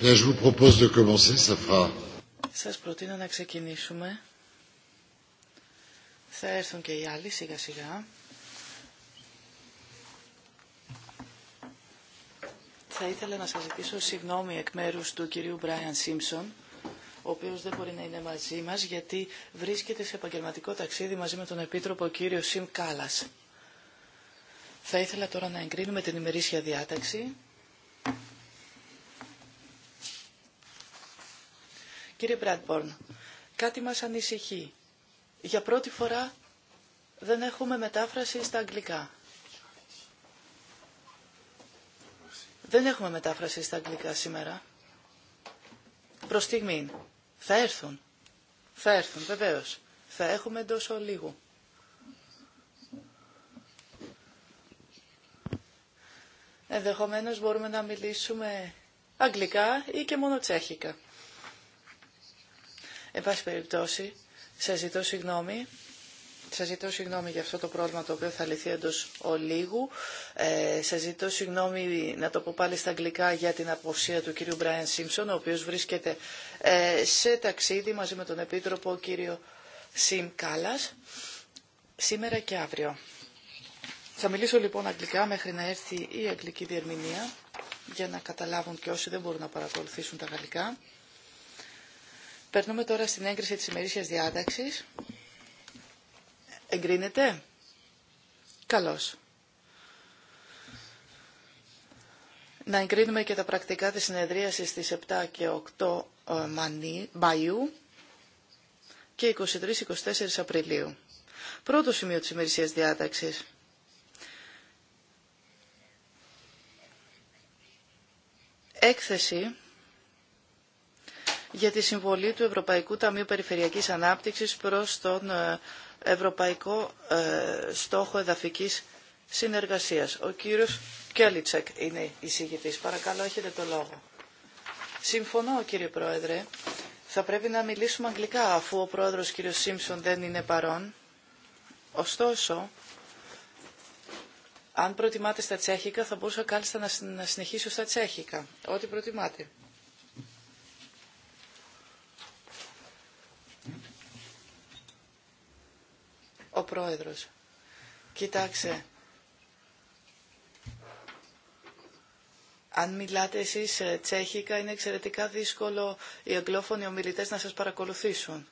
Σα Σας προτείνω να ξεκινήσουμε. Θα έρθουν και οι άλλοι σιγά σιγά. Θα ήθελα να σας ζητήσω συγγνώμη εκ μέρους του κυρίου Μπράιαν Σίμψον, ο οποίος δεν μπορεί να είναι μαζί μας γιατί βρίσκεται σε επαγγελματικό ταξίδι μαζί με τον Επίτροπο κύριο Σιμ Κάλλας. Θα ήθελα τώρα να εγκρίνουμε την ημερήσια διάταξη. Κύριε Μπραντμπορν, κάτι μας ανησυχεί. Για πρώτη φορά δεν έχουμε μετάφραση στα αγγλικά. Δεν έχουμε μετάφραση στα αγγλικά σήμερα. Προς στιγμή. Θα έρθουν. Θα έρθουν, βεβαίως. Θα έχουμε εντός ολίγου. Ενδεχομένως μπορούμε να μιλήσουμε αγγλικά ή και μόνο τσέχικα. Εν πάση περιπτώσει, σα ζητώ συγγνώμη. Σα ζητώ συγγνώμη για αυτό το πρόβλημα το οποίο θα λυθεί εντό ολίγου. Ε, Σα ζητώ συγγνώμη, να το πω πάλι στα αγγλικά, για την αποσία του κύριου Μπράιν Σίμψον, ο οποίο βρίσκεται ε, σε ταξίδι μαζί με τον επίτροπο κύριο Σιμ Κάλλα σήμερα και αύριο. Θα μιλήσω λοιπόν αγγλικά μέχρι να έρθει η αγγλική διερμηνία για να καταλάβουν και όσοι δεν μπορούν να παρακολουθήσουν τα γαλλικά. Περνούμε τώρα στην έγκριση της ημερήσιας διάταξης. Εγκρίνεται. Καλώς. Να εγκρίνουμε και τα πρακτικά της συνεδρίασης στις 7 και 8 ε, Μαΐου και 23-24 Απριλίου. Πρώτο σημείο της ημερησίας διάταξης. Έκθεση για τη συμβολή του Ευρωπαϊκού Ταμείου Περιφερειακής Ανάπτυξης προς τον ε, Ευρωπαϊκό ε, Στόχο Εδαφικής Συνεργασίας. Ο κύριος Κέλιτσεκ είναι η εισηγητής. Παρακαλώ, έχετε το λόγο. Συμφωνώ, κύριε Πρόεδρε. Θα πρέπει να μιλήσουμε αγγλικά, αφού ο πρόεδρος κύριος Σίμψον δεν είναι παρόν. Ωστόσο, αν προτιμάτε στα τσέχικα, θα μπορούσα κάλλιστα να συνεχίσω στα τσέχικα. Ό,τι προτιμάτε. Ο πρόεδρος. Κοιτάξτε. Αν μιλάτε εσείς ε, τσέχικα είναι εξαιρετικά δύσκολο οι αγγλόφωνοι ομιλητές να σας παρακολουθήσουν.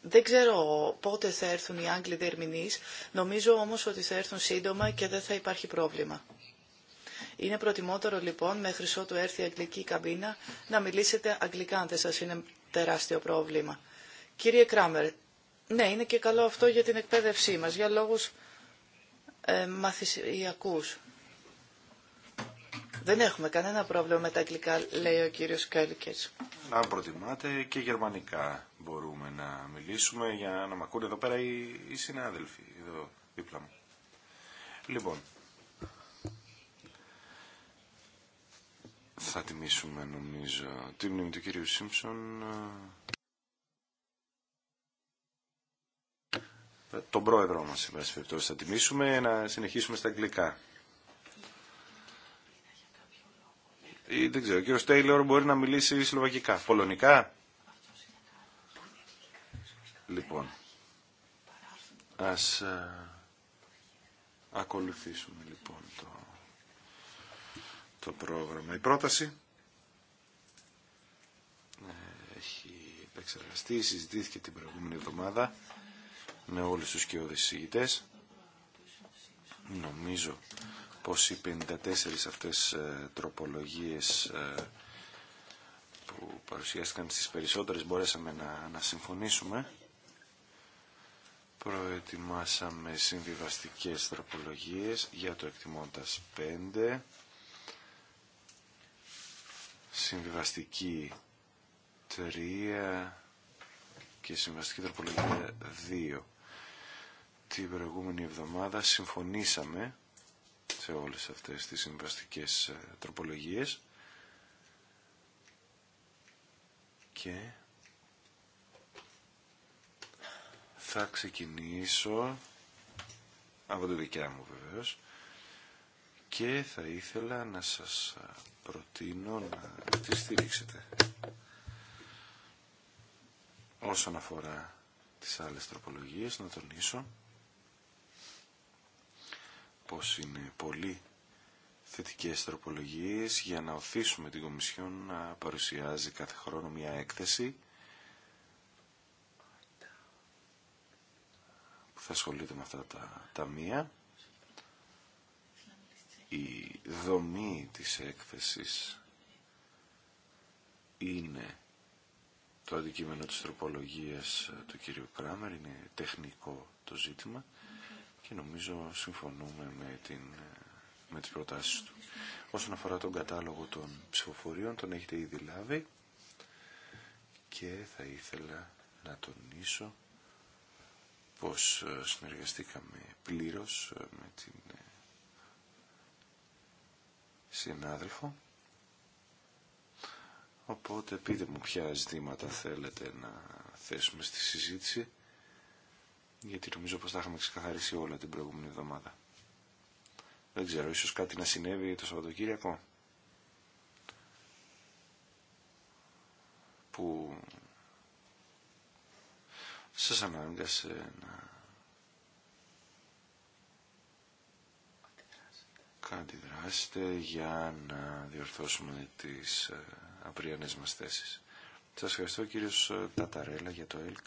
Δεν ξέρω πότε θα έρθουν οι Άγγλοι διερμηνείς, νομίζω όμως ότι θα έρθουν σύντομα και δεν θα υπάρχει πρόβλημα. Είναι προτιμότερο λοιπόν μέχρι ότου έρθει η αγγλική καμπίνα να μιλήσετε αγγλικά αν δεν σας είναι τεράστιο πρόβλημα. Κύριε Κράμερ, ναι, είναι και καλό αυτό για την εκπαίδευσή μας, για λόγους ε, μαθησιακούς. Δεν έχουμε κανένα πρόβλημα με τα αγγλικά, λέει ο κύριος Κέλκες. Αν προτιμάτε και γερμανικά μπορούμε να μιλήσουμε για να μ' ακούνε εδώ πέρα οι, οι συνάδελφοι, εδώ δίπλα μου. Λοιπόν, θα τιμήσουμε νομίζω τη μνήμη του κύριου Σίμψον ε, Ε, τον πρόεδρό μας, σε θα τιμήσουμε, να συνεχίσουμε στα αγγλικά. Ή, δεν ξέρω, ο κύριος Τέιλορ μπορεί να μιλήσει σλοβακικά, πολωνικά. Λοιπόν, ας α, ε, ακολουθήσουμε λοιπόν το, το πρόγραμμα. Η πρόταση ε, έχει επεξεργαστεί, συζητήθηκε την προηγούμενη εβδομάδα με όλους τους και Νομίζω πως οι 54 αυτές ε, τροπολογίες ε, που παρουσιάστηκαν στις περισσότερες μπορέσαμε να, να συμφωνήσουμε. Προετοιμάσαμε συμβιβαστικές τροπολογίες για το εκτιμώντας 5. Συμβιβαστική 3 και συμβιβαστική τροπολογία 2 την προηγούμενη εβδομάδα συμφωνήσαμε σε όλες αυτές τις συμβαστικές ε, τροπολογίες και θα ξεκινήσω από τη δικιά μου βεβαίως και θα ήθελα να σας ε, προτείνω να τη στηρίξετε όσον αφορά τις άλλες τροπολογίες να τονίσω πως είναι πολύ θετικές τροπολογίες για να οθήσουμε την Κομισιόν να παρουσιάζει κάθε χρόνο μια έκθεση που θα ασχολείται με αυτά τα ταμεία. Η δομή της έκθεσης είναι το αντικείμενο της τροπολογίας του κ. Κράμερ, είναι τεχνικό το ζήτημα και νομίζω συμφωνούμε με, την, με τις προτάσεις του. Όσον αφορά τον κατάλογο των ψηφοφορίων, τον έχετε ήδη λάβει και θα ήθελα να τονίσω πως ε, συνεργαστήκαμε πλήρως ε, με την ε, συνάδελφο. Οπότε πείτε μου ποια ζητήματα θέλετε να θέσουμε στη συζήτηση γιατί νομίζω πως θα είχαμε ξεκαθαρίσει όλα την προηγούμενη εβδομάδα. Δεν ξέρω, ίσως κάτι να συνέβη το Σαββατοκύριακο που σας ανάγκασε να αντιδράσετε για να διορθώσουμε τις ε, απριανές μας θέσεις. Σας ευχαριστώ κύριος Ταταρέλα για το ΕΛΚ.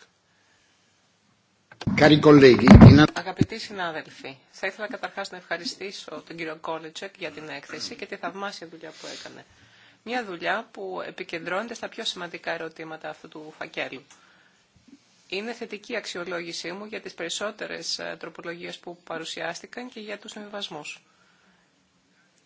Αγαπητοί συνάδελφοι, θα ήθελα καταρχάς να ευχαριστήσω τον κύριο Κόλετσεκ για την έκθεση και τη θαυμάσια δουλειά που έκανε. Μια δουλειά που επικεντρώνεται στα πιο σημαντικά ερωτήματα αυτού του φακέλου. Είναι θετική αξιολόγησή μου για τις περισσότερες ε, τροπολογίες που παρουσιάστηκαν και για τους συμβιβασμούς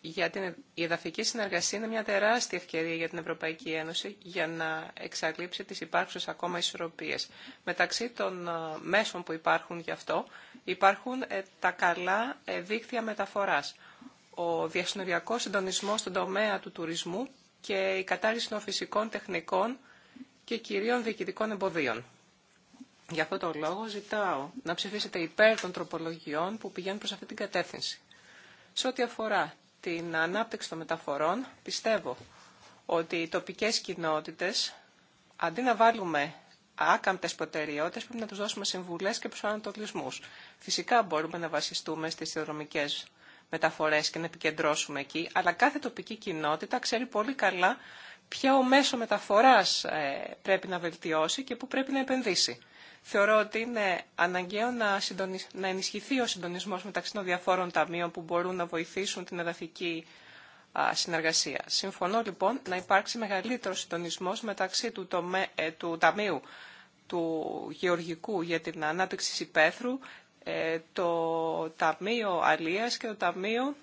για την η εδαφική συνεργασία είναι μια τεράστια ευκαιρία για την Ευρωπαϊκή Ένωση για να εξαλείψει τις υπάρχουσες ακόμα ισορροπίες. Μεταξύ των ε, μέσων που υπάρχουν γι' αυτό υπάρχουν ε, τα καλά ε, δίκτυα μεταφοράς, ο διασυνοριακός συντονισμός στον τομέα του τουρισμού και η κατάρριση των φυσικών τεχνικών και κυρίων διοικητικών εμποδίων. Γι' αυτό τον λόγο ζητάω να ψηφίσετε υπέρ των τροπολογιών που πηγαίνουν προς αυτή την κατεύθυνση. Σε ό,τι αφορά την ανάπτυξη των μεταφορών, πιστεύω ότι οι τοπικές κοινότητες, αντί να βάλουμε άκαμπτες προτεραιότητε, πρέπει να τους δώσουμε συμβουλές και προσανατολισμού. Φυσικά μπορούμε να βασιστούμε στις θεοδρομικές μεταφορές και να επικεντρώσουμε εκεί, αλλά κάθε τοπική κοινότητα ξέρει πολύ καλά ποιο μέσο μεταφοράς ε, πρέπει να βελτιώσει και πού πρέπει να επενδύσει. Θεωρώ ότι είναι αναγκαίο να, να ενισχυθεί ο συντονισμός μεταξύ των διαφόρων ταμείων που μπορούν να βοηθήσουν την εδαφική συνεργασία. Συμφωνώ λοιπόν να υπάρξει μεγαλύτερο συντονισμός μεταξύ του, ε, του Ταμείου του Γεωργικού για την Ανάπτυξη υπέθρου, ε, το Ταμείο Αλίας και το Ταμείο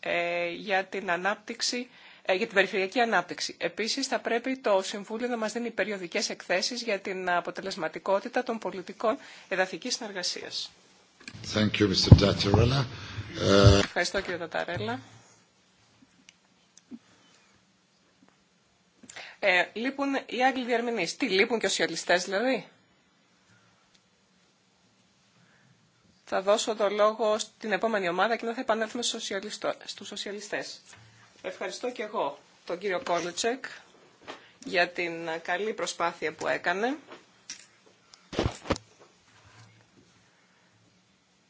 ε, για την Ανάπτυξη ε, για την περιφερειακή ανάπτυξη. Επίση, θα πρέπει το Συμβούλιο να μα δίνει περιοδικέ εκθέσει για την αποτελεσματικότητα των πολιτικών εδαφικής συνεργασία. Ε, Ευχαριστώ, κύριε Ταταρέλα. Ε, λείπουν οι Άγγλοι διαρμηνείς. Τι, λείπουν και οι σοσιαλιστές δηλαδή. Θα δώσω το λόγο στην επόμενη ομάδα και μετά θα επανέλθουμε στους σοσιαλιστές. Ευχαριστώ και εγώ τον κύριο Κόλουτσεκ για την καλή προσπάθεια που έκανε.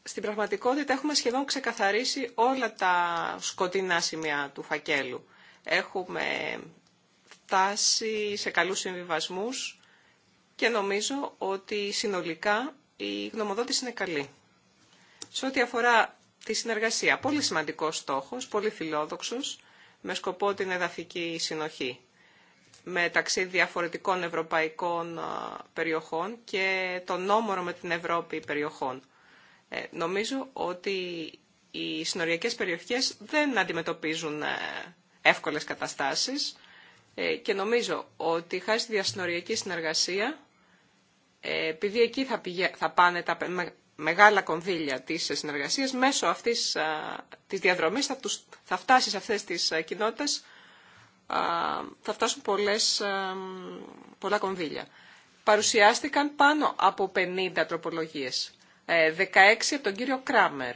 Στην πραγματικότητα έχουμε σχεδόν ξεκαθαρίσει όλα τα σκοτεινά σημεία του φακέλου. Έχουμε φτάσει σε καλούς συμβιβασμούς και νομίζω ότι συνολικά η γνωμοδότηση είναι καλή. Σε ό,τι αφορά τη συνεργασία, πολύ σημαντικός στόχος, πολύ φιλόδοξος με σκοπό την εδαφική συνοχή μεταξύ διαφορετικών ευρωπαϊκών περιοχών και τον νόμορο με την Ευρώπη περιοχών. Ε, νομίζω ότι οι συνοριακές περιοχές δεν αντιμετωπίζουν ε, εύκολες καταστάσεις ε, και νομίζω ότι χάρη στη διασυνοριακή συνεργασία επειδή εκεί θα, θα πάνε τα μεγάλα κονδύλια της συνεργασίας, μέσω αυτής της διαδρομής θα, τους, θα φτάσει σε αυτές τις κοινότητες, θα φτάσουν πολλές, πολλά κονδύλια. Παρουσιάστηκαν πάνω από 50 τροπολογίες. 16 ε, από τον κύριο Κράμερ.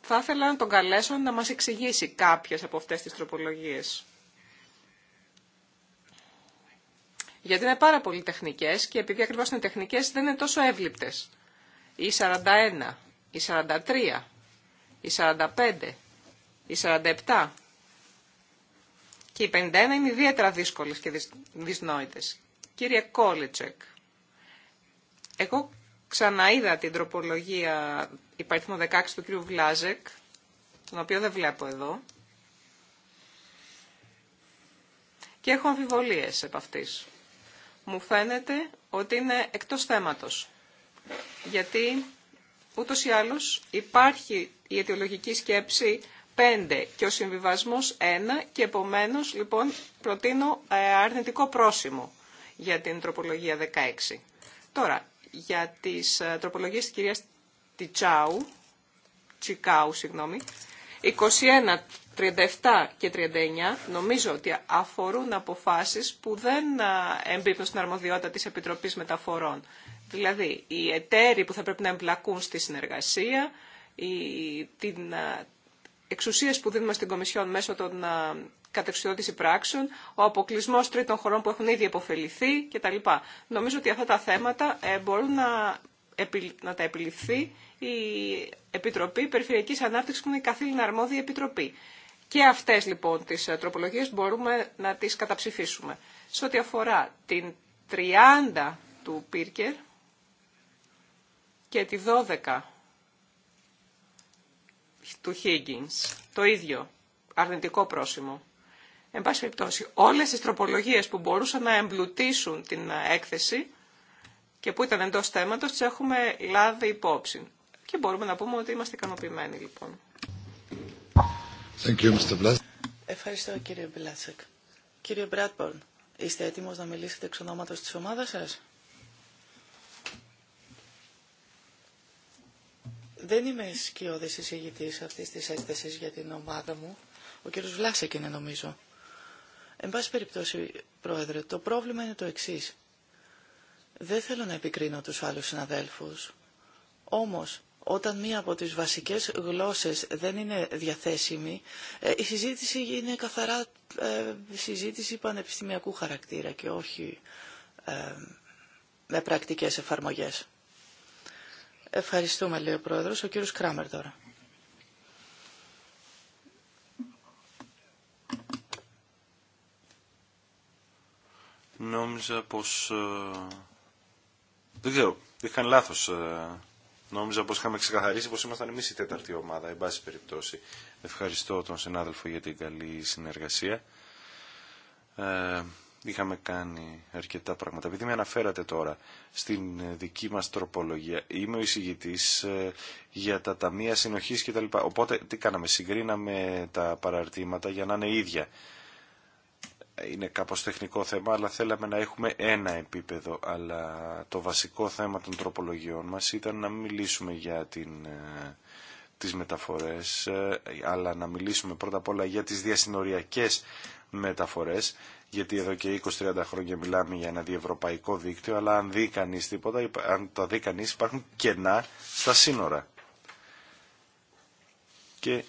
Θα ήθελα να τον καλέσω να μας εξηγήσει κάποιες από αυτές τις τροπολογίες. γιατί είναι πάρα πολύ τεχνικέ και επειδή ακριβώ είναι τεχνικέ δεν είναι τόσο εύληπτες. Ή 41, ή 43, ή 45, ή 47. Και οι 51 είναι ιδιαίτερα δύσκολε και δυσνόητες. Κύριε Κόλιτσεκ, εγώ ξαναείδα την τροπολογία υπαριθμό 16 του κύριου Βλάζεκ, τον οποίο δεν βλέπω εδώ, και έχω αμφιβολίες επ' αυτής μου φαίνεται ότι είναι εκτός θέματος. Γιατί ούτως ή άλλως υπάρχει η αιτιολογική σκέψη 5 και ο συμβιβασμός 1 και επομένως λοιπόν προτείνω ε, αρνητικό πρόσημο για την τροπολογία 16. Τώρα, για τις ε, τροπολογίες της κυρίας Τιτσάου, Τσικάου, συγγνώμη, 21 37 και 39 νομίζω ότι αφορούν αποφάσεις που δεν εμπίπτουν στην αρμοδιότητα της Επιτροπής Μεταφορών. Δηλαδή, οι εταίροι που θα πρέπει να εμπλακούν στη συνεργασία, οι, την, εξουσίες που δίνουμε στην Κομισιόν μέσω των κατεξουδότηση πράξεων, ο αποκλεισμό τρίτων χωρών που έχουν ήδη επωφεληθεί κτλ. Νομίζω ότι αυτά τα θέματα ε, μπορούν να, να τα επιληφθεί η Επιτροπή Περιφερειακής Ανάπτυξης που είναι η καθήλυνα αρμόδια επιτροπή. Και αυτές λοιπόν τις ε, τροπολογίες μπορούμε να τις καταψηφίσουμε. Σε ό,τι αφορά την 30 του Πίρκερ και τη 12 του Higgins, το ίδιο αρνητικό πρόσημο. Εν πάση περιπτώσει, όλες τις τροπολογίες που μπορούσαν να εμπλουτίσουν την ε, έκθεση και που ήταν εντός θέματος, τις έχουμε λάβει υπόψη. Και μπορούμε να πούμε ότι είμαστε ικανοποιημένοι λοιπόν. Ευχαριστώ κύριε Μπλάτσεκ. Κύριε Μπράτμπορν, είστε έτοιμος να μιλήσετε εξ ονόματος της ομάδας σας. Δεν είμαι σκιώδης εισηγητής αυτής της έκθεσης για την ομάδα μου. Ο κύριος Βλάσεκ είναι νομίζω. Εν πάση περιπτώσει, Πρόεδρε, το πρόβλημα είναι το εξής. Δεν θέλω να επικρίνω τους άλλους συναδέλφους. Όμως, όταν μία από τις βασικές γλώσσες δεν είναι διαθέσιμη, ε, η συζήτηση είναι καθαρά ε, συζήτηση πανεπιστημιακού χαρακτήρα και όχι ε, με πρακτικές εφαρμογές. Ευχαριστούμε, λέει ο Πρόεδρος. Ο κύριος Κράμερ τώρα. Νόμιζα πως... Δεν ξέρω, είχαν λάθος Νόμιζα πω είχαμε ξεκαθαρίσει πως ήμασταν εμεί η τέταρτη ομάδα, εν πάση περιπτώσει. Ευχαριστώ τον συνάδελφο για την καλή συνεργασία. Ε, είχαμε κάνει αρκετά πράγματα. Επειδή με αναφέρατε τώρα στην ε, δική μας τροπολογία, είμαι ο εισηγητή ε, για τα ταμεία συνοχή κτλ. Οπότε τι κάναμε, συγκρίναμε τα παραρτήματα για να είναι ίδια είναι κάπως τεχνικό θέμα, αλλά θέλαμε να έχουμε ένα επίπεδο. Αλλά το βασικό θέμα των τροπολογιών μας ήταν να μιλήσουμε για την, ε, τις μεταφορές, ε, αλλά να μιλήσουμε πρώτα απ' όλα για τις διασυνοριακές μεταφορές, γιατί εδώ και 20-30 χρόνια μιλάμε για ένα διευρωπαϊκό δίκτυο, αλλά αν δει κανεί τίποτα, αν τα δει κανείς υπάρχουν κενά στα σύνορα. Και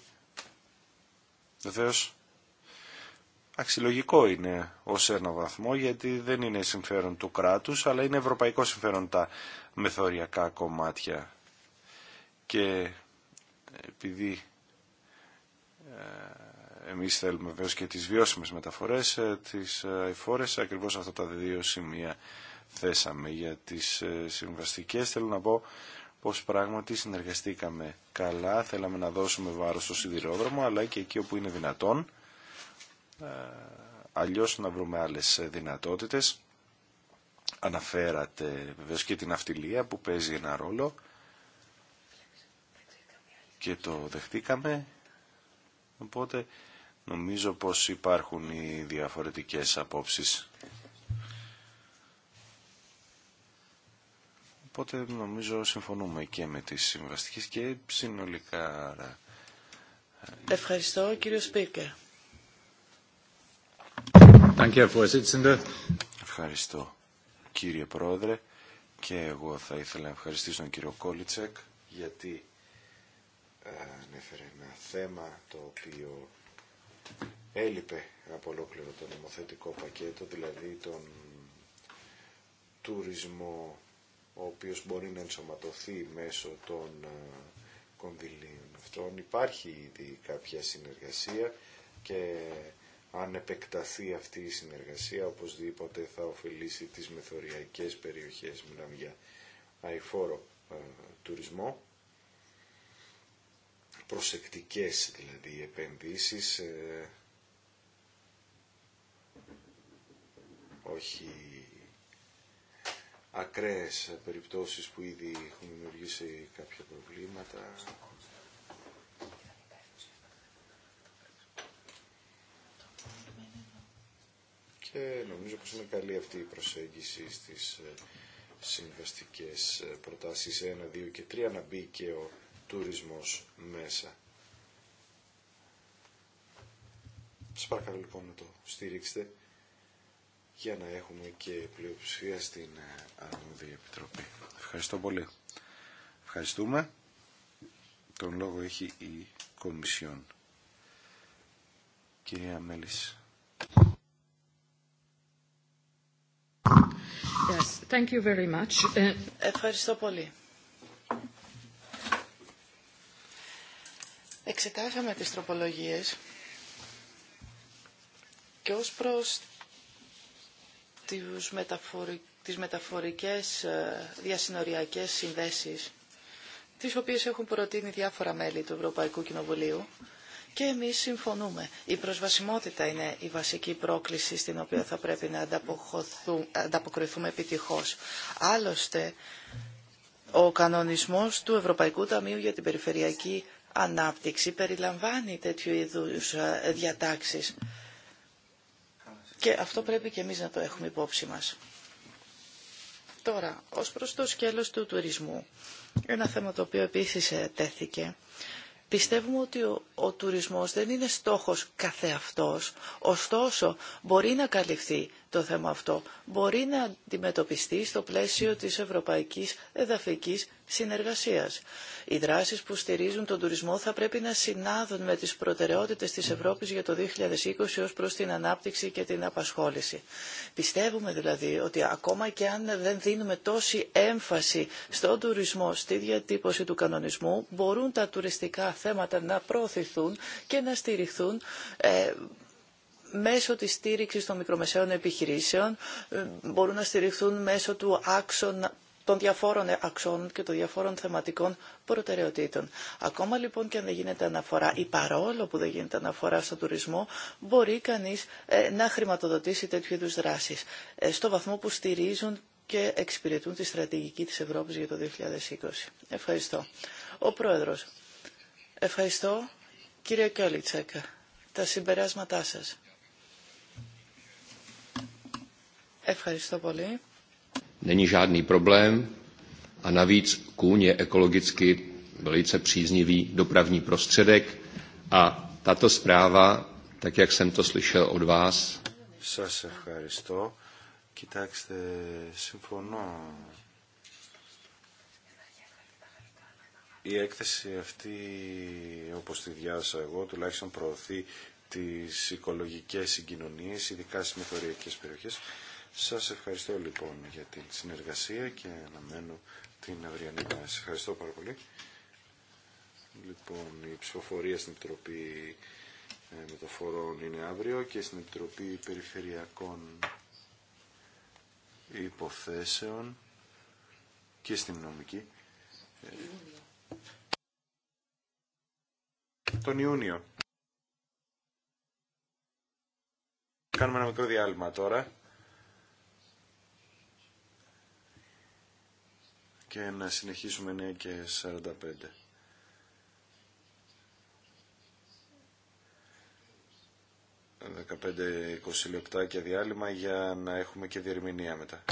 Αξιολογικό είναι ω ένα βαθμό γιατί δεν είναι συμφέρον του κράτους αλλά είναι ευρωπαϊκό συμφέρον τα μεθοριακά κομμάτια και επειδή ε, εμείς θέλουμε βέβαια και τις βιώσιμες μεταφορές, ε, τις εφόρες, ακριβώς αυτά τα δύο σημεία θέσαμε για τις ε, συμβαστικές. Θέλω να πω πως πράγματι συνεργαστήκαμε καλά, θέλαμε να δώσουμε βάρος στο σιδηρόδρομο, αλλά και εκεί όπου είναι δυνατόν ε, αλλιώς να βρούμε άλλες δυνατότητες. Αναφέρατε βεβαίως και την αυτιλία που παίζει ένα ρόλο και το δεχτήκαμε. Οπότε νομίζω πως υπάρχουν οι διαφορετικές απόψεις. Οπότε νομίζω συμφωνούμε και με τις συμβαστικές και συνολικά. Ε, Ευχαριστώ κύριο Σπίκερ Ευχαριστώ κύριε Πρόεδρε και εγώ θα ήθελα να ευχαριστήσω τον κύριο Κόλιτσεκ γιατί ε, ανέφερε ένα θέμα το οποίο έλειπε από ολόκληρο το νομοθετικό πακέτο, δηλαδή τον τουρισμό ο οποίος μπορεί να ενσωματωθεί μέσω των ε, κονδυλίων αυτών. Υπάρχει ήδη κάποια συνεργασία και αν επεκταθεί αυτή η συνεργασία, οπωσδήποτε θα ωφελήσει τις μεθοριακές περιοχές, μιλάμε για αηφόρο ε, τουρισμό, προσεκτικές δηλαδή επενδύσεις, ε, όχι ακραίες περιπτώσεις που ήδη έχουν δημιουργήσει κάποια προβλήματα, και νομίζω πως είναι καλή αυτή η προσέγγιση στις ε, συμβαστικές ε, προτάσεις 1, 2 και 3 να μπει και ο τουρισμός μέσα. Σας παρακαλώ λοιπόν να το στηρίξετε για να έχουμε και πλειοψηφία στην ε, Αρμόδια Επιτροπή. Ευχαριστώ πολύ. Ευχαριστούμε. Τον λόγο έχει η Κομισιόν. Κυρία Μέλης. Ε, Ευχαριστώ πολύ. Εξετάσαμε τις τροπολογίες και ως προς τις, μεταφορι... τις μεταφορικές ε, διασυνοριακές συνδέσεις τις οποίες έχουν προτείνει διάφορα μέλη του Ευρωπαϊκού Κοινοβουλίου και εμείς συμφωνούμε. Η προσβασιμότητα είναι η βασική πρόκληση στην οποία θα πρέπει να ανταποκριθούμε επιτυχώς. Άλλωστε, ο κανονισμός του Ευρωπαϊκού Ταμείου για την Περιφερειακή Ανάπτυξη περιλαμβάνει τέτοιου είδους ε, διατάξεις. Και αυτό πρέπει και εμείς να το έχουμε υπόψη μας. Τώρα, ως προς το σκέλος του τουρισμού, ένα θέμα το οποίο επίσης ε, τέθηκε, Πιστεύουμε ότι ο, ο τουρισμός δεν είναι στόχος καθεαυτός, ωστόσο μπορεί να καλυφθεί το θέμα αυτό μπορεί να αντιμετωπιστεί στο πλαίσιο της ευρωπαϊκής εδαφικής συνεργασίας. Οι δράσεις που στηρίζουν τον τουρισμό θα πρέπει να συνάδουν με τις προτεραιότητες της Ευρώπης για το 2020 ως προς την ανάπτυξη και την απασχόληση. Πιστεύουμε δηλαδή ότι ακόμα και αν δεν δίνουμε τόση έμφαση στον τουρισμό, στη διατύπωση του κανονισμού, μπορούν τα τουριστικά θέματα να προωθηθούν και να στηριχθούν ε, μέσω της στήριξης των μικρομεσαίων επιχειρήσεων, ε, μπορούν να στηριχθούν μέσω του άξονα των διαφόρων ε, αξώνων και των διαφόρων θεματικών προτεραιοτήτων. Ακόμα λοιπόν και αν δεν γίνεται αναφορά ή παρόλο που δεν γίνεται αναφορά στον τουρισμό, μπορεί κανείς ε, να χρηματοδοτήσει τέτοιου είδου δράσεις στο βαθμό που στηρίζουν και εξυπηρετούν τη στρατηγική της Ευρώπης για το 2020. Ευχαριστώ. Ο Πρόεδρος. Ευχαριστώ. Κύριε Κιόλιτσέκα, τα συμπεράσματά σας. Ευχαριστώ πολύ. Není ευχαριστώ. Κοιτάξτε, συμφωνώ. Η έκθεση αυτή, όπως τη διάσα εγώ, τουλάχιστον προωθεί τις οικολογικές συγκοινωνίες, ειδικά στις μεθοριακές περιοχές σας ευχαριστώ λοιπόν για την συνεργασία και αναμένω την αυριανή μας. Ευχαριστώ πάρα πολύ. Λοιπόν, η ψηφοφορία στην Επιτροπή ε, Μεταφορών είναι αύριο και στην Επιτροπή Περιφερειακών Υποθέσεων και στην Νομική. Ε, τον Ιούνιο. Κάνουμε ένα μικρό διάλειμμα τώρα. και να συνεχίσουμε 9 και 45. ...15-20 και διάλειμμα για να έχουμε και διερμηνία μετά.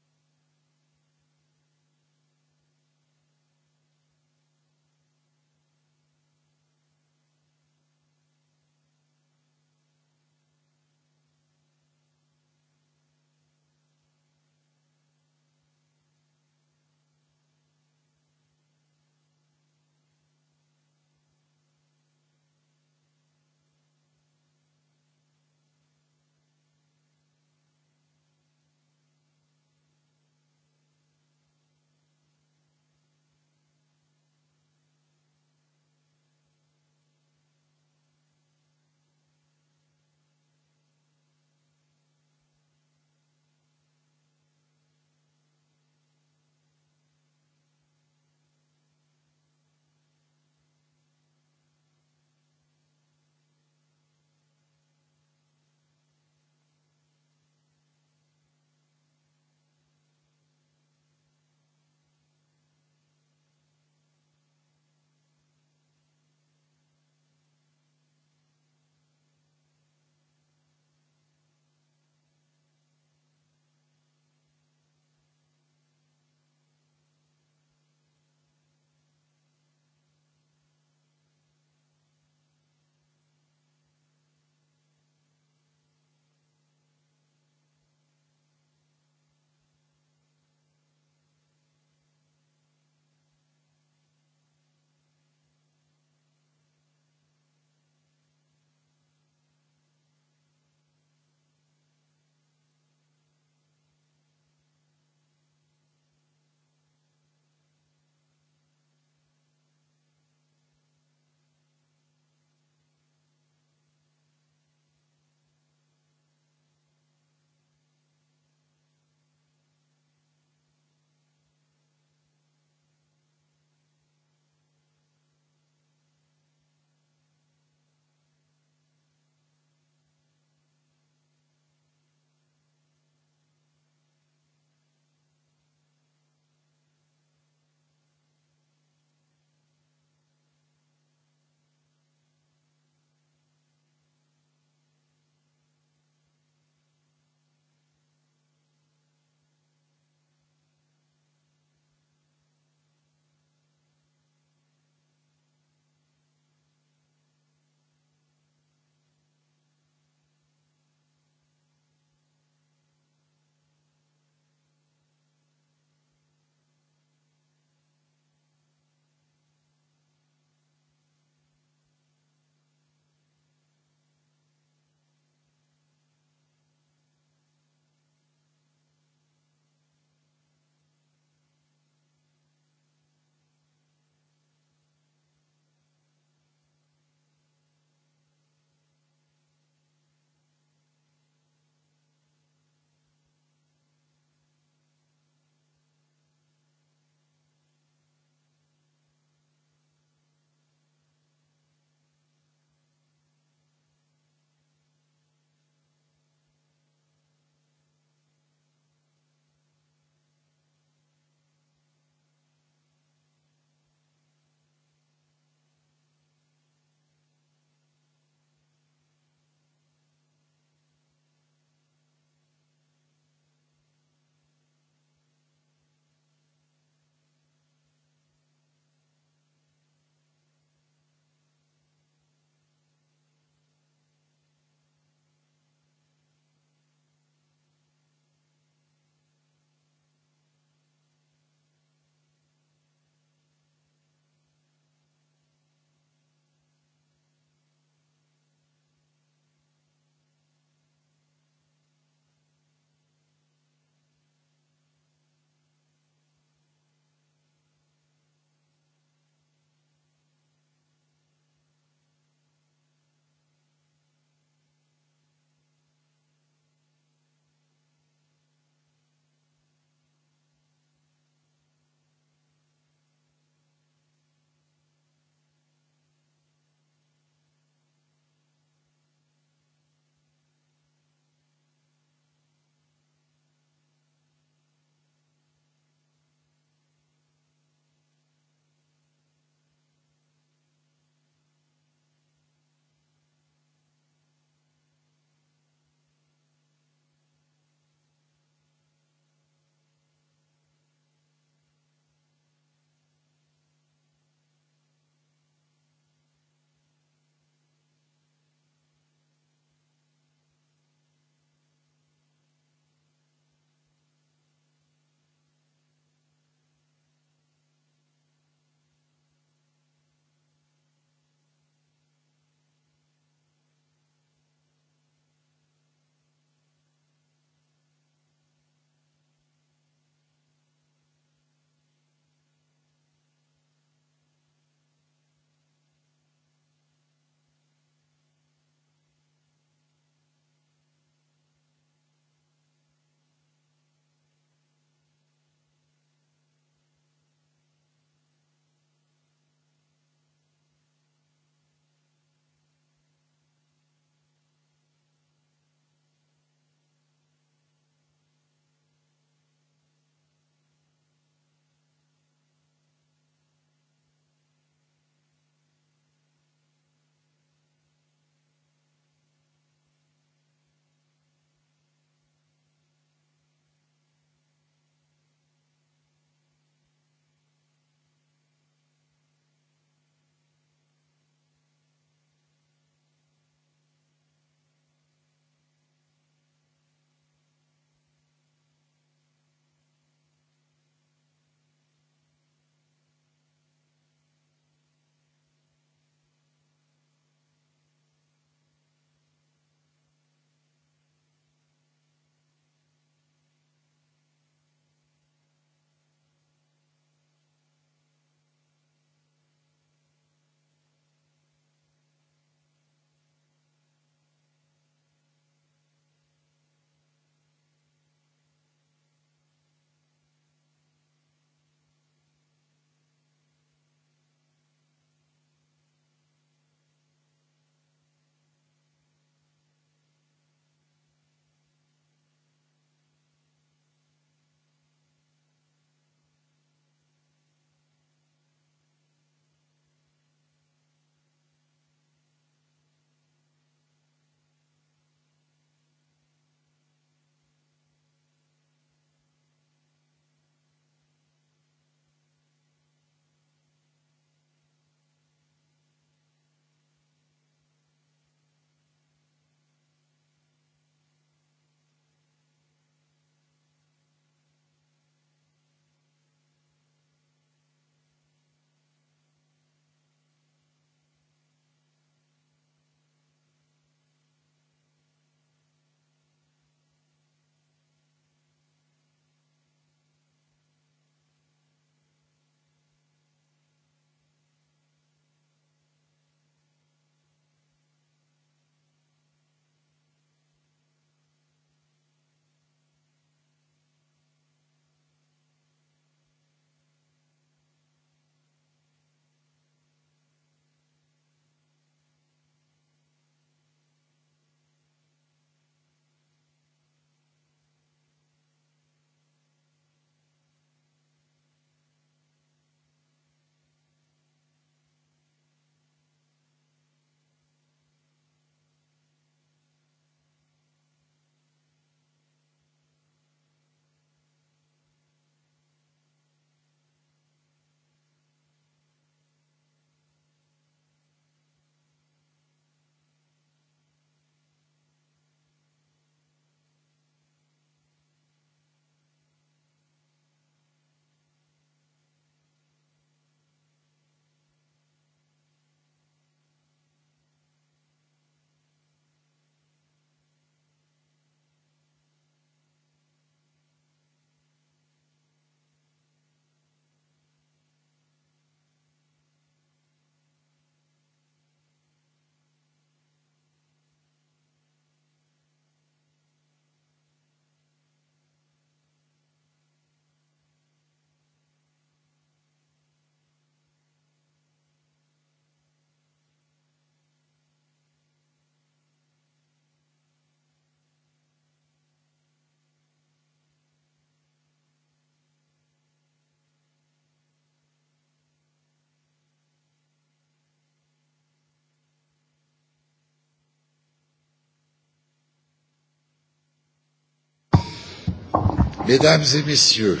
Mesdames et messieurs,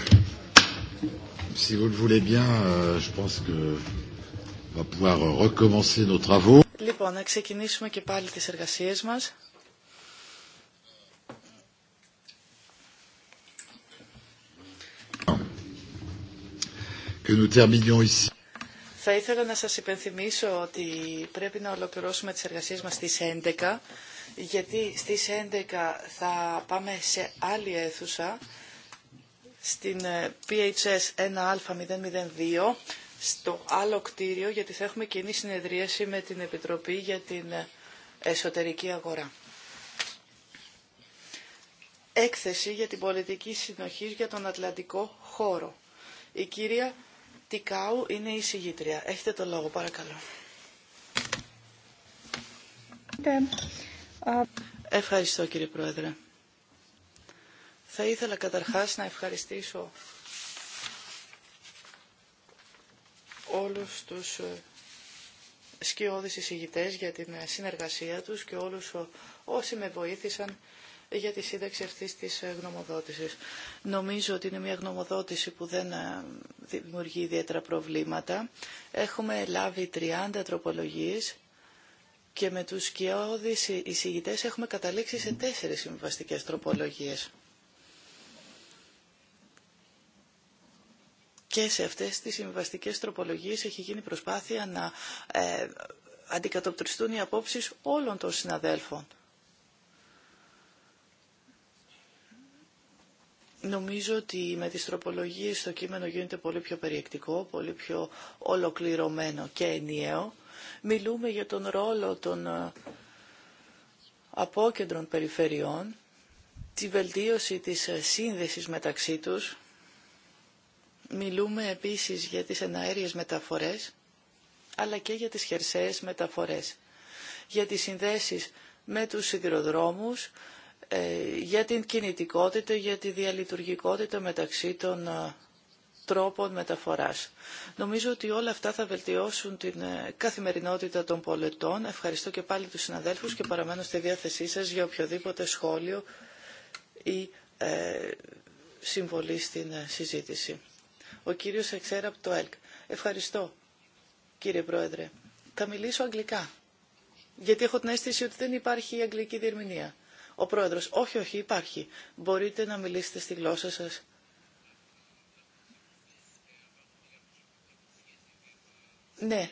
si vous le voulez bien, euh, je pense que on va pouvoir recommencer nos travaux. Λοιπόν, να ξεκινήσουμε και πάλι τις εργασίες μας. Que nous terminions ici. Θα ήθελα να σας υπενθυμίσω ότι πρέπει να ολοκληρώσουμε τις εργασίες μας στις 11, γιατί στις 11 θα πάμε σε άλλη αίθουσα στην ε, PHS 1α002 στο άλλο κτίριο γιατί θα έχουμε κοινή συνεδρίαση με την Επιτροπή για την ε, Εσωτερική Αγορά. Έκθεση για την πολιτική συνοχή για τον Ατλαντικό χώρο. Η κυρία Τικάου είναι η συγγήτρια. Έχετε το λόγο, παρακαλώ. Ευχαριστώ κύριε Πρόεδρε. Θα ήθελα καταρχάς να ευχαριστήσω όλους τους ε, σκιώδεις εισηγητές για την ε, συνεργασία τους και όλους ε, όσοι με βοήθησαν για τη σύνταξη αυτής της γνωμοδότησης. Νομίζω ότι είναι μια γνωμοδότηση που δεν δημιουργεί ιδιαίτερα προβλήματα. Έχουμε λάβει 30 τροπολογίες και με τους σκιώδεις εισηγητές έχουμε καταλήξει σε τέσσερις συμβαστικές τροπολογίες. και σε αυτές τις συμβαστικές τροπολογίες έχει γίνει προσπάθεια να ε, αντικατοπτριστούν οι απόψεις όλων των συναδέλφων. Νομίζω ότι με τις τροπολογίες το κείμενο γίνεται πολύ πιο περιεκτικό, πολύ πιο ολοκληρωμένο και ενιαίο. Μιλούμε για τον ρόλο των ε, απόκεντρων περιφερειών, τη βελτίωση της ε, σύνδεσης μεταξύ τους, Μιλούμε επίσης για τις εναέριες μεταφορές, αλλά και για τις χερσαίες μεταφορές, για τις συνδέσεις με τους σιδηροδρόμους, ε, για την κινητικότητα, για τη διαλειτουργικότητα μεταξύ των ε, τρόπων μεταφοράς. Νομίζω ότι όλα αυτά θα βελτιώσουν την ε, καθημερινότητα των πολιτών. Ευχαριστώ και πάλι τους συναδέλφους και παραμένω στη διάθεσή σας για οποιοδήποτε σχόλιο ή συμβολή στην συζήτηση. Ο κύριος Εξέρα από το ΕΛΚ. Ευχαριστώ, κύριε Πρόεδρε. Θα μιλήσω αγγλικά, γιατί έχω την αίσθηση ότι δεν υπάρχει η αγγλική διερμηνία. Ο Πρόεδρος, όχι, όχι, υπάρχει. Μπορείτε να μιλήσετε στη γλώσσα σας. Ναι,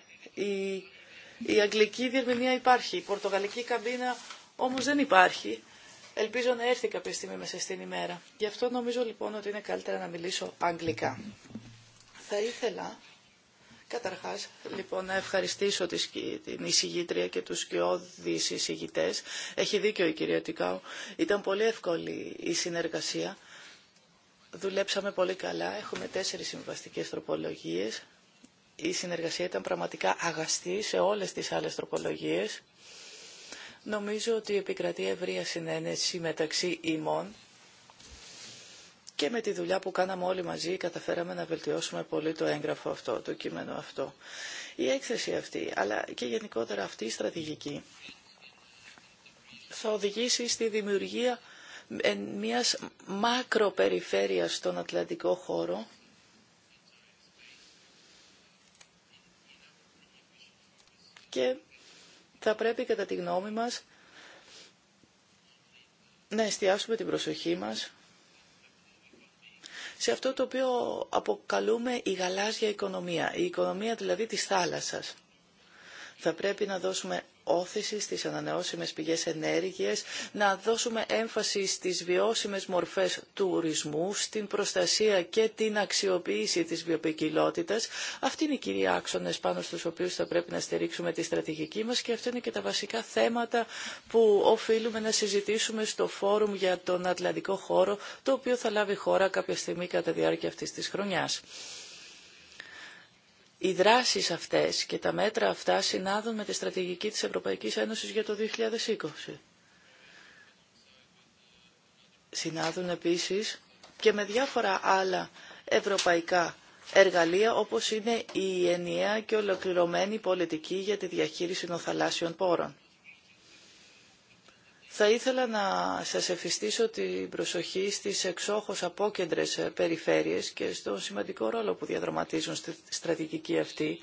η, αγγλική διερμηνία υπάρχει, η πορτογαλική καμπίνα όμως δεν υπάρχει. Ελπίζω να έρθει κάποια στιγμή μέσα στην ημέρα. Γι' αυτό νομίζω λοιπόν ότι είναι καλύτερα να μιλήσω αγγλικά. Θα ήθελα Καταρχάς, λοιπόν, να ευχαριστήσω την εισηγήτρια και τους σκιώδεις εισηγητές. Έχει δίκιο η κυρία Τικάου. Ήταν πολύ εύκολη η συνεργασία. Δουλέψαμε πολύ καλά. Έχουμε τέσσερις συμβαστικές τροπολογίες. Η συνεργασία ήταν πραγματικά αγαστή σε όλες τις άλλες τροπολογίες. Νομίζω ότι επικρατεί ευρεία συνένεση μεταξύ ημών και με τη δουλειά που κάναμε όλοι μαζί καταφέραμε να βελτιώσουμε πολύ το έγγραφο αυτό, το κείμενο αυτό. Η έκθεση αυτή, αλλά και γενικότερα αυτή η στρατηγική, θα οδηγήσει στη δημιουργία μιας μακροπεριφέρειας στον Ατλαντικό χώρο, και θα πρέπει κατά τη γνώμη μας να εστιάσουμε την προσοχή μας σε αυτό το οποίο αποκαλούμε η γαλάζια οικονομία, η οικονομία δηλαδή της θάλασσας. Θα πρέπει να δώσουμε όθηση στις ανανεώσιμες πηγές ενέργειας, να δώσουμε έμφαση στις βιώσιμες μορφές τουρισμού, στην προστασία και την αξιοποίηση της βιοποικιλότητας. Αυτοί είναι οι κυρία άξονες πάνω στους οποίους θα πρέπει να στηρίξουμε τη στρατηγική μας και αυτά είναι και τα βασικά θέματα που οφείλουμε να συζητήσουμε στο φόρουμ για τον Ατλαντικό χώρο, το οποίο θα λάβει χώρα κάποια στιγμή κατά διάρκεια αυτής της χρονιάς οι δράσεις αυτές και τα μέτρα αυτά συνάδουν με τη στρατηγική της Ευρωπαϊκής Ένωσης για το 2020. Συνάδουν επίσης και με διάφορα άλλα ευρωπαϊκά εργαλεία όπως είναι η ενιαία και ολοκληρωμένη πολιτική για τη διαχείριση των θαλάσσιων πόρων. Θα ήθελα να σας εφιστήσω την προσοχή στις εξόχως απόκεντρες ε, περιφέρειες και στο σημαντικό ρόλο που διαδραματίζουν στη στρατηγική αυτή.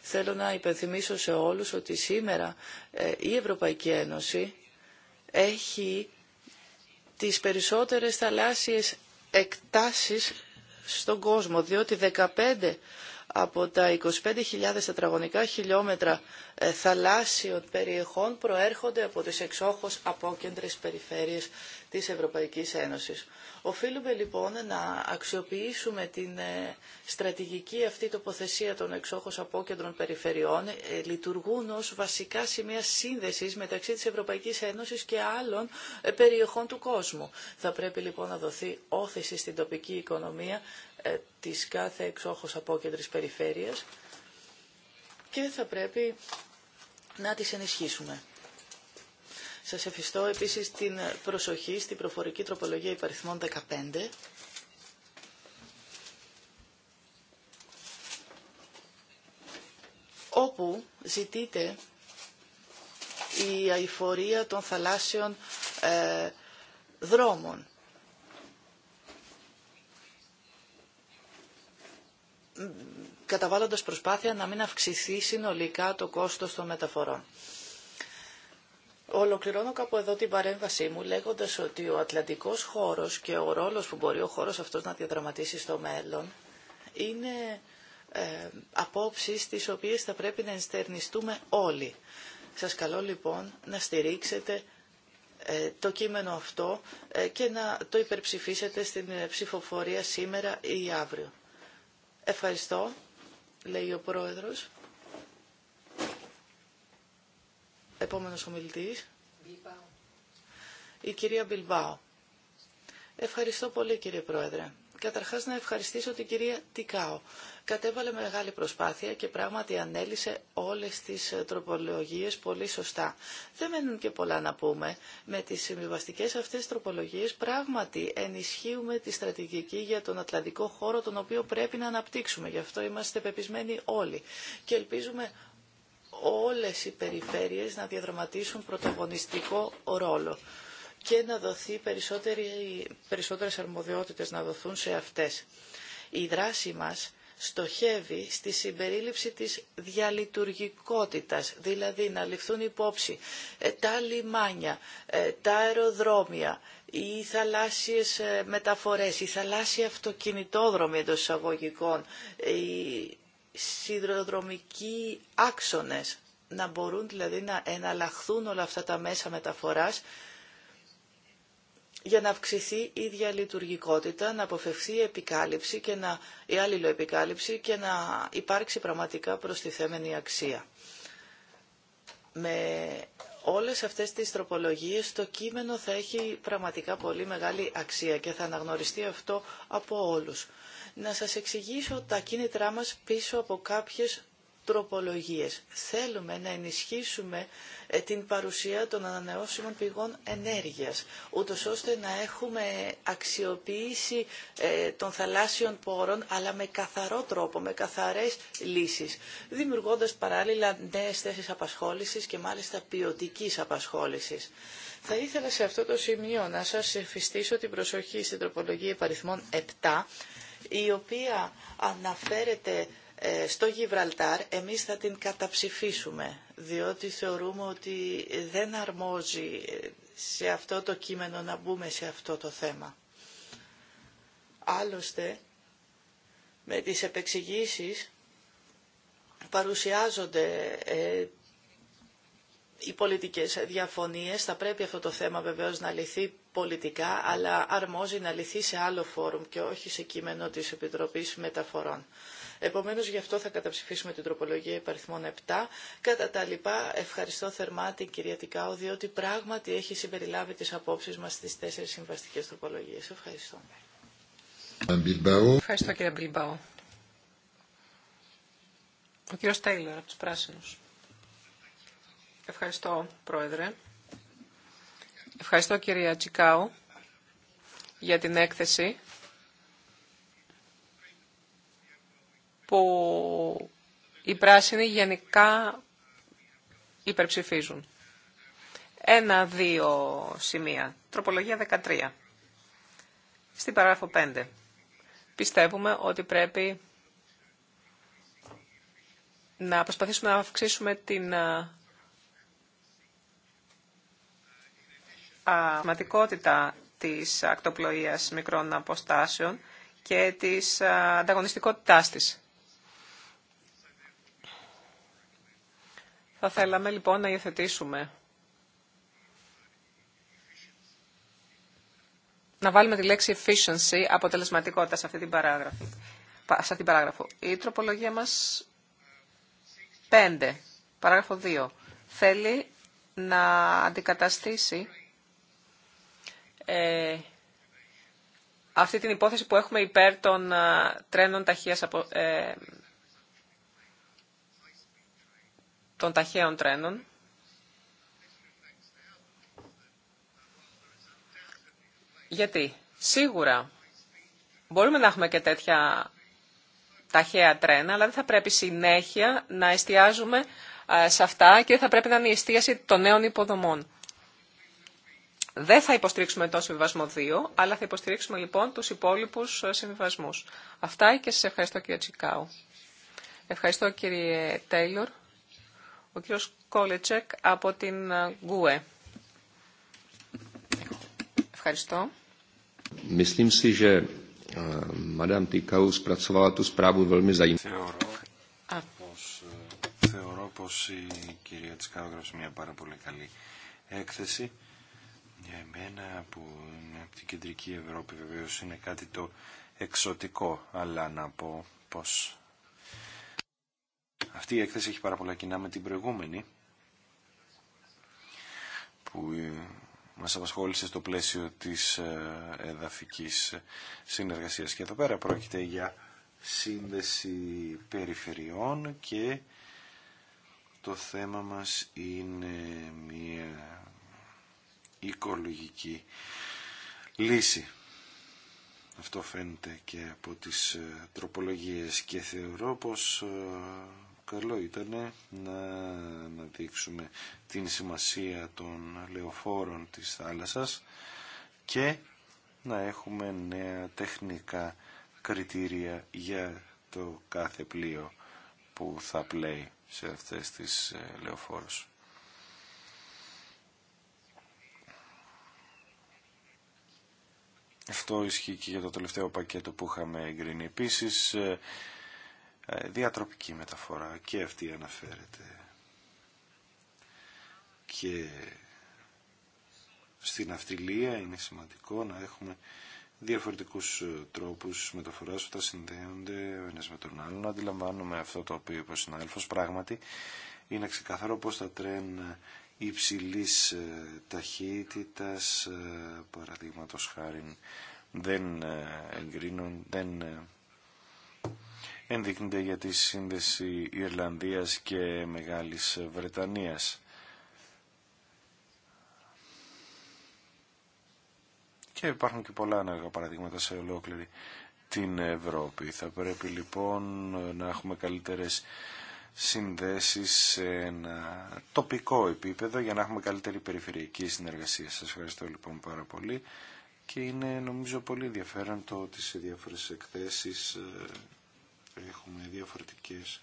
Θέλω να υπενθυμίσω σε όλους ότι σήμερα ε, η Ευρωπαϊκή Ένωση έχει τις περισσότερες θαλάσσιες εκτάσεις στον κόσμο, διότι 15 από τα 25.000 τετραγωνικά χιλιόμετρα ε, θαλάσσιων περιεχών προέρχονται από τις εξόχως απόκεντρες περιφέρειες της Ευρωπαϊκής Ένωσης. Οφείλουμε λοιπόν να αξιοποιήσουμε την ε, στρατηγική αυτή τοποθεσία των εξόχως απόκεντρων περιφερειών ε, λειτουργούν ως βασικά σημεία σύνδεσης μεταξύ της Ευρωπαϊκής Ένωσης και άλλων περιοχών του κόσμου. Θα πρέπει λοιπόν να δοθεί όθηση στην τοπική οικονομία ε, της κάθε εξόχως απόκεντρης περιφέρειας και θα πρέπει να τις ενισχύσουμε. Σας ευχαριστώ επίσης την προσοχή στην προφορική τροπολογία υπαριθμών 15. όπου ζητείται η αηφορία των θαλάσσιων ε, δρόμων καταβάλλοντας προσπάθεια να μην αυξηθεί συνολικά το κόστος των μεταφορών. Ολοκληρώνω κάπου εδώ την παρέμβασή μου λέγοντας ότι ο ατλαντικός χώρος και ο ρόλος που μπορεί ο χώρος αυτός να διαδραματίσει στο μέλλον είναι ε, απόψεις τις οποίες θα πρέπει να ενστερνιστούμε όλοι. Σας καλώ λοιπόν να στηρίξετε ε, το κείμενο αυτό ε, και να το υπερψηφίσετε στην ε, ψηφοφορία σήμερα ή αύριο. Ευχαριστώ, λέει ο πρόεδρος. Επόμενος ομιλητής. Η κυρία Μπιλμπάου. Ευχαριστώ πολύ κύριε Πρόεδρε. Καταρχάς να ευχαριστήσω την κυρία Τικάο κατέβαλε μεγάλη προσπάθεια και πράγματι ανέλησε όλες τις ε, τροπολογίες πολύ σωστά. Δεν μένουν και πολλά να πούμε. Με τις συμβιβαστικές αυτές τροπολογίες πράγματι ενισχύουμε τη στρατηγική για τον Ατλαντικό χώρο τον οποίο πρέπει να αναπτύξουμε. Γι' αυτό είμαστε πεπισμένοι όλοι και ελπίζουμε όλες οι περιφέρειες να διαδραματίσουν πρωταγωνιστικό ρόλο και να δοθεί περισσότερες αρμοδιότητες να δοθούν σε αυτές. Η δράση μας στοχεύει στη συμπερίληψη της διαλειτουργικότητας, δηλαδή να ληφθούν υπόψη ε, τα λιμάνια, ε, τα αεροδρόμια, οι θαλάσσιες ε, μεταφορές, οι θαλάσσιοι αυτοκινητόδρομοι εντό εισαγωγικών, οι σιδηροδρομικοί άξονες, να μπορούν δηλαδή να εναλλαχθούν όλα αυτά τα μέσα μεταφοράς για να αυξηθεί η διαλειτουργικότητα, να αποφευθεί η επικάλυψη και να, η αλληλοεπικάλυψη και να υπάρξει πραγματικά προστιθέμενη αξία. Με όλες αυτές τις τροπολογίες το κείμενο θα έχει πραγματικά πολύ μεγάλη αξία και θα αναγνωριστεί αυτό από όλους. Να σας εξηγήσω τα κίνητρά μας πίσω από κάποιες τροπολογίες. Θέλουμε να ενισχύσουμε ε, την παρουσία των ανανεώσιμων πηγών ενέργειας, ούτως ώστε να έχουμε αξιοποίηση ε, των θαλάσσιων πόρων, αλλά με καθαρό τρόπο, με καθαρές λύσεις, δημιουργώντας παράλληλα νέες θέσεις απασχόλησης και μάλιστα ποιοτική απασχόλησης. Θα ήθελα σε αυτό το σημείο να σας εφιστήσω την προσοχή στην τροπολογία υπαριθμών 7, η οποία αναφέρεται ε, στο Γιβραλτάρ εμείς θα την καταψηφίσουμε, διότι θεωρούμε ότι δεν αρμόζει ε, σε αυτό το κείμενο να μπούμε σε αυτό το θέμα. Άλλωστε, με τις επεξηγήσεις παρουσιάζονται ε, οι πολιτικές διαφωνίες. Θα πρέπει αυτό το θέμα βεβαίως να λυθεί πολιτικά, αλλά αρμόζει να λυθεί σε άλλο φόρουμ και όχι σε κείμενο της Επιτροπής Μεταφορών. Επομένως γι' αυτό θα καταψηφίσουμε την τροπολογία υπαριθμών 7. Κατά τα λοιπά ευχαριστώ θερμά την κυρία Τικάου διότι πράγματι έχει συμπεριλάβει τις απόψει μας στις τέσσερις συμβαστικέ τροπολογίες. Ευχαριστώ. Ευχαριστώ κύριε Μπιλμπάου. Ο κύριος Τέιλερ από τους Πράσινους. Ευχαριστώ πρόεδρε. Ευχαριστώ κυρία Τσικάου για την έκθεση που οι πράσινοι γενικά υπερψηφίζουν. Ένα-δύο σημεία. Τροπολογία 13. Στην παράγραφο 5. Πιστεύουμε ότι πρέπει να προσπαθήσουμε να αυξήσουμε την αματικότητα της ακτοπλοείας μικρών αποστάσεων και της ανταγωνιστικότητάς της. Θα θέλαμε λοιπόν να υιοθετήσουμε. Να βάλουμε τη λέξη efficiency, αποτελεσματικότητα, σε αυτή την παράγραφο. παράγραφο. Η τροπολογία μας 5, παράγραφο 2, θέλει να αντικαταστήσει ε, αυτή την υπόθεση που έχουμε υπέρ των ε, τρένων ταχείας απο, ε, των ταχαίων τρένων. Γιατί σίγουρα μπορούμε να έχουμε και τέτοια ταχαία τρένα, αλλά δεν θα πρέπει συνέχεια να εστιάζουμε ε, σε αυτά και θα πρέπει να είναι η εστίαση των νέων υποδομών. Δεν θα υποστηρίξουμε τον συμβιβασμό 2, αλλά θα υποστηρίξουμε λοιπόν τους υπόλοιπους ε, συμβιβασμούς. Αυτά και σας ευχαριστώ κύριε Τσικάου. Ευχαριστώ κύριε Τέιλορ. Ο κύριος Κόλετσεκ από την ε, ΓΚΟΕ. Ευχαριστώ. Myslím si, že ε, Madame Tikau zpracovala tu zprávu velmi ε, Θεωρώ πως η κυρία Τσκάου έγραψε μια πάρα πολύ καλή έκθεση. Για εμένα που είναι από την κεντρική Ευρώπη βεβαίως είναι κάτι το εξωτικό, αλλά να πω πως αυτή η έκθεση έχει πάρα πολλά κοινά με την προηγούμενη που μας απασχόλησε στο πλαίσιο της ε, εδαφικής συνεργασίας. Και εδώ πέρα πρόκειται για σύνδεση περιφερειών και το θέμα μας είναι μια οικολογική λύση. Αυτό φαίνεται και από τις ε, τροπολογίες και θεωρώ πως ε, καλό ήταν να δείξουμε την σημασία των λεωφόρων της θάλασσας και να έχουμε νέα τεχνικά κριτήρια για το κάθε πλοίο που θα πλέει σε αυτές τις ε, λεωφόρους. Αυτό ισχύει και για το τελευταίο πακέτο που είχαμε εγκρίνει. Επίσης, ε, ε, διατροπική μεταφορά και αυτή αναφέρεται και στην αυτιλία είναι σημαντικό να έχουμε διαφορετικούς ε, τρόπους μεταφοράς που τα συνδέονται ο ένας με τον άλλον. Αντιλαμβάνουμε αυτό το οποίο είπε ο συνάδελφος πράγματι. Είναι ξεκαθαρό πως τα τρέν ε, υψηλής ταχύτητας, παραδείγματος χάρη, δεν εγκρίνουν, δεν ενδείκνυται για τη σύνδεση Ιρλανδίας και Μεγάλης Βρετανίας. Και υπάρχουν και πολλά αναγκαία παραδείγματα σε ολόκληρη την Ευρώπη. Θα πρέπει λοιπόν να έχουμε καλύτερες συνδέσεις σε ένα τοπικό επίπεδο για να έχουμε καλύτερη περιφερειακή συνεργασία. Σας ευχαριστώ λοιπόν πάρα πολύ και είναι νομίζω πολύ ενδιαφέρον το ότι σε διάφορες εκθέσεις ε, έχουμε διαφορετικές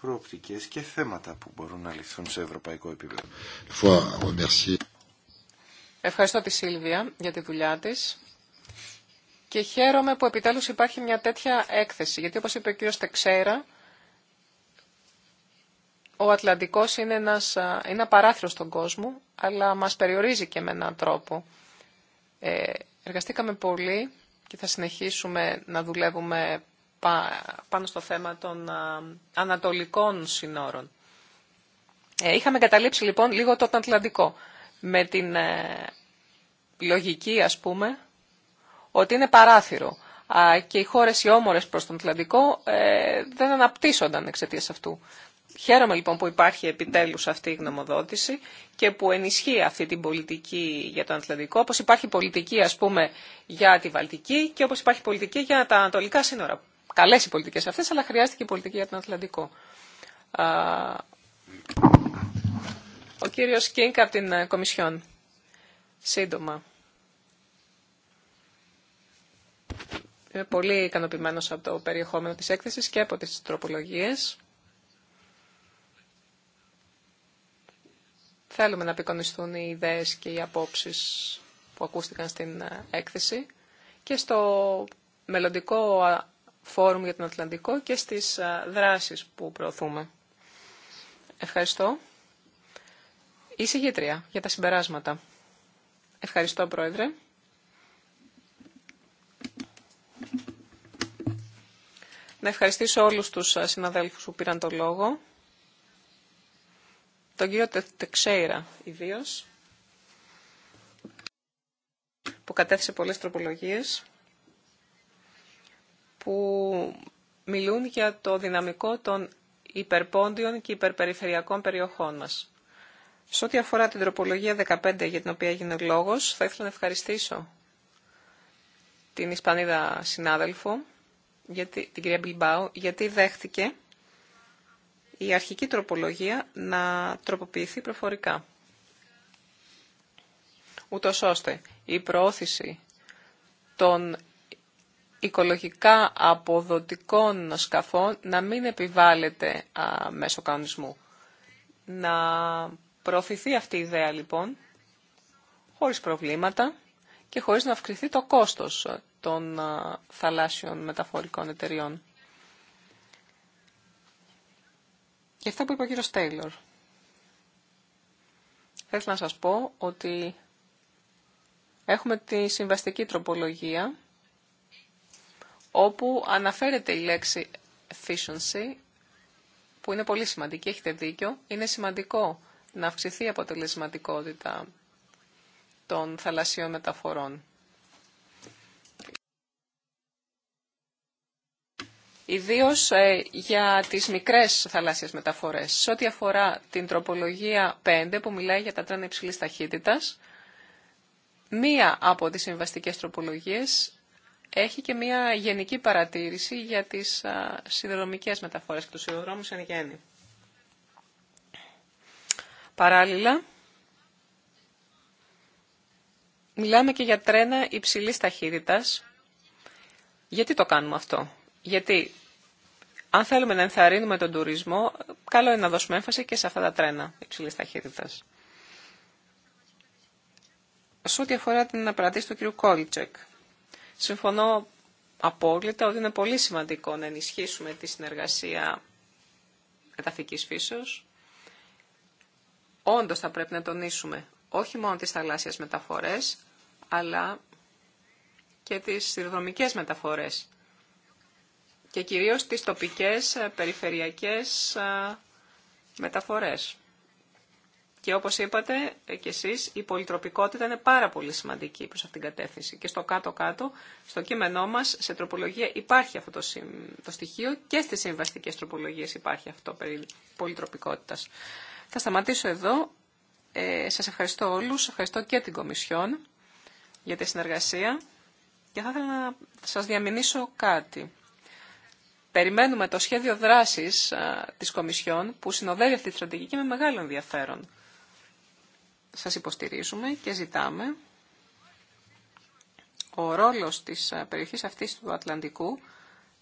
προοπτικές και θέματα που μπορούν να ληφθούν σε ευρωπαϊκό επίπεδο. Ευχαριστώ τη Σίλβια για τη δουλειά της και χαίρομαι που επιτέλους υπάρχει μια τέτοια έκθεση, γιατί όπως είπε ο κύριος Τεξέρα, ο Ατλαντικός είναι, ένας, είναι ένα παράθυρο στον κόσμο, αλλά μας περιορίζει και με έναν τρόπο. Ε, εργαστήκαμε πολύ και θα συνεχίσουμε να δουλεύουμε πάνω στο θέμα των ανατολικών συνόρων. Ε, είχαμε καταλήψει λοιπόν λίγο το Ατλαντικό με την ε, λογική ας πούμε ότι είναι παράθυρο και οι χώρες οι όμορες προς τον Ατλαντικό ε, δεν αναπτύσσονταν εξαιτίας αυτού. Χαίρομαι λοιπόν που υπάρχει επιτέλους αυτή η γνωμοδότηση και που ενισχύει αυτή την πολιτική για τον Ατλαντικό, όπως υπάρχει πολιτική ας πούμε για τη Βαλτική και όπως υπάρχει πολιτική για τα ανατολικά σύνορα καλές οι πολιτικές αυτές, αλλά χρειάζεται και η πολιτική για τον Ατλαντικό. Ο κύριος Κίνκ από την ε, Κομισιόν. Σύντομα. Είμαι πολύ ικανοποιημένο από το περιεχόμενο τη έκθεσης και από τις τροπολογίε. Θέλουμε να απεικονιστούν οι ιδέες και οι απόψεις που ακούστηκαν στην ε, έκθεση και στο μελλοντικό Φόρουμ για τον Ατλαντικό και στις δράσεις που προωθούμε. Ευχαριστώ. Η γήτρία για τα συμπεράσματα. Ευχαριστώ, Πρόεδρε. Να ευχαριστήσω όλους τους συναδέλφους που πήραν το λόγο. Τον κύριο Τεξέιρα ιδίως, που κατέθεσε πολλές τροπολογίες που μιλούν για το δυναμικό των υπερπόντιων και υπερπεριφερειακών περιοχών μας. Σε ό,τι αφορά την τροπολογία 15 για την οποία έγινε λόγος, θα ήθελα να ευχαριστήσω την Ισπανίδα συνάδελφο, γιατί, την κυρία Μπιλμπάου, γιατί δέχτηκε η αρχική τροπολογία να τροποποιηθεί προφορικά. Ούτως ώστε η προώθηση των οικολογικά αποδοτικών σκαφών να μην επιβάλλεται α, μέσω κανονισμού. Να προωθηθεί αυτή η ιδέα λοιπόν, χωρίς προβλήματα και χωρίς να αυξηθεί το κόστος των α, θαλάσσιων μεταφορικών εταιριών. Και αυτά που είπε ο κύριος Τέιλορ. Θέλω να σας πω ότι έχουμε τη συμβαστική τροπολογία όπου αναφέρεται η λέξη efficiency, που είναι πολύ σημαντική, έχετε δίκιο. Είναι σημαντικό να αυξηθεί η αποτελεσματικότητα των θαλασσίων μεταφορών. Ιδίως ε, για τις μικρές θαλάσσιες μεταφορές. Σε ό,τι αφορά την τροπολογία 5 που μιλάει για τα τρένα υψηλής ταχύτητας, μία από τις συμβαστικές τροπολογίες έχει και μια γενική παρατήρηση για τις σιδηροδρομικές μεταφορές και τους σιδηροδρόμους εν γέννη. Παράλληλα, μιλάμε και για τρένα υψηλής ταχύτητας. Γιατί το κάνουμε αυτό. Γιατί αν θέλουμε να ενθαρρύνουμε τον τουρισμό, καλό είναι να δώσουμε έμφαση και σε αυτά τα τρένα υψηλής ταχύτητας. Σε ό,τι αφορά την απαρατήση του κ. Κόλτσεκ, Συμφωνώ απόλυτα ότι είναι πολύ σημαντικό να ενισχύσουμε τη συνεργασία μεταφικής φύσεως. Όντως θα πρέπει να τονίσουμε όχι μόνο τις θαλάσσιες μεταφορές, αλλά και τις σιδηροδρομικές μεταφορές και κυρίως τις τοπικές ε, περιφερειακές ε, μεταφορές. Και όπως είπατε και εσείς, η πολυτροπικότητα είναι πάρα πολύ σημαντική προς αυτήν την κατεύθυνση. Και στο κάτω-κάτω, στο κείμενό μας, σε τροπολογία υπάρχει αυτό το, στοιχείο και στις συμβαστικές τροπολογίες υπάρχει αυτό περί πολυτροπικότητας. Θα σταματήσω εδώ. Ε, σας ευχαριστώ όλους, ευχαριστώ και την Κομισιόν για τη συνεργασία και θα ήθελα να σας διαμηνήσω κάτι. Περιμένουμε το σχέδιο δράσης α, της Κομισιόν που συνοδεύει αυτή τη στρατηγική με μεγάλο ενδιαφέρον σας υποστηρίζουμε και ζητάμε ο ρόλος της ε, περιοχής αυτής του Ατλαντικού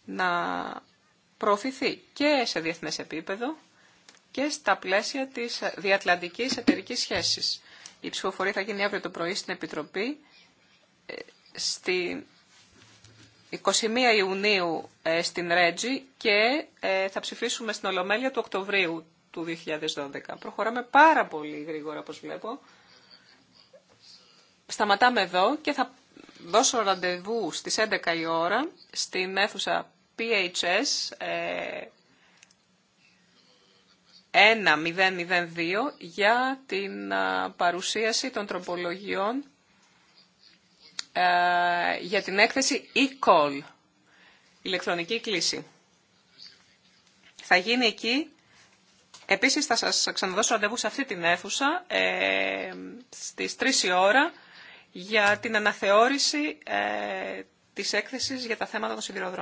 να προωθηθεί και σε διεθνές επίπεδο και στα πλαίσια της διατλαντικής εταιρικής σχέσης. Η ψηφοφορία θα γίνει αύριο το πρωί στην Επιτροπή. Ε, στην 21 Ιουνίου ε, στην Ρέτζη και θα ψηφίσουμε στην Ολομέλεια του Οκτωβρίου του 2012. Προχωράμε πάρα πολύ γρήγορα, όπως βλέπω. Σταματάμε εδώ και θα δώσω ραντεβού στις 11 η ώρα στην αίθουσα PHS 1002 ε, για την παρουσίαση των τροπολογιών ε, για την έκθεση e-call, ηλεκτρονική κλίση. Θα γίνει εκεί Επίσης θα σας ξαναδώσω ραντεβού σε αυτή την αίθουσα ε, στις 3 η ώρα για την αναθεώρηση ε, της έκθεσης για τα θέματα των σιδηροδρόμων.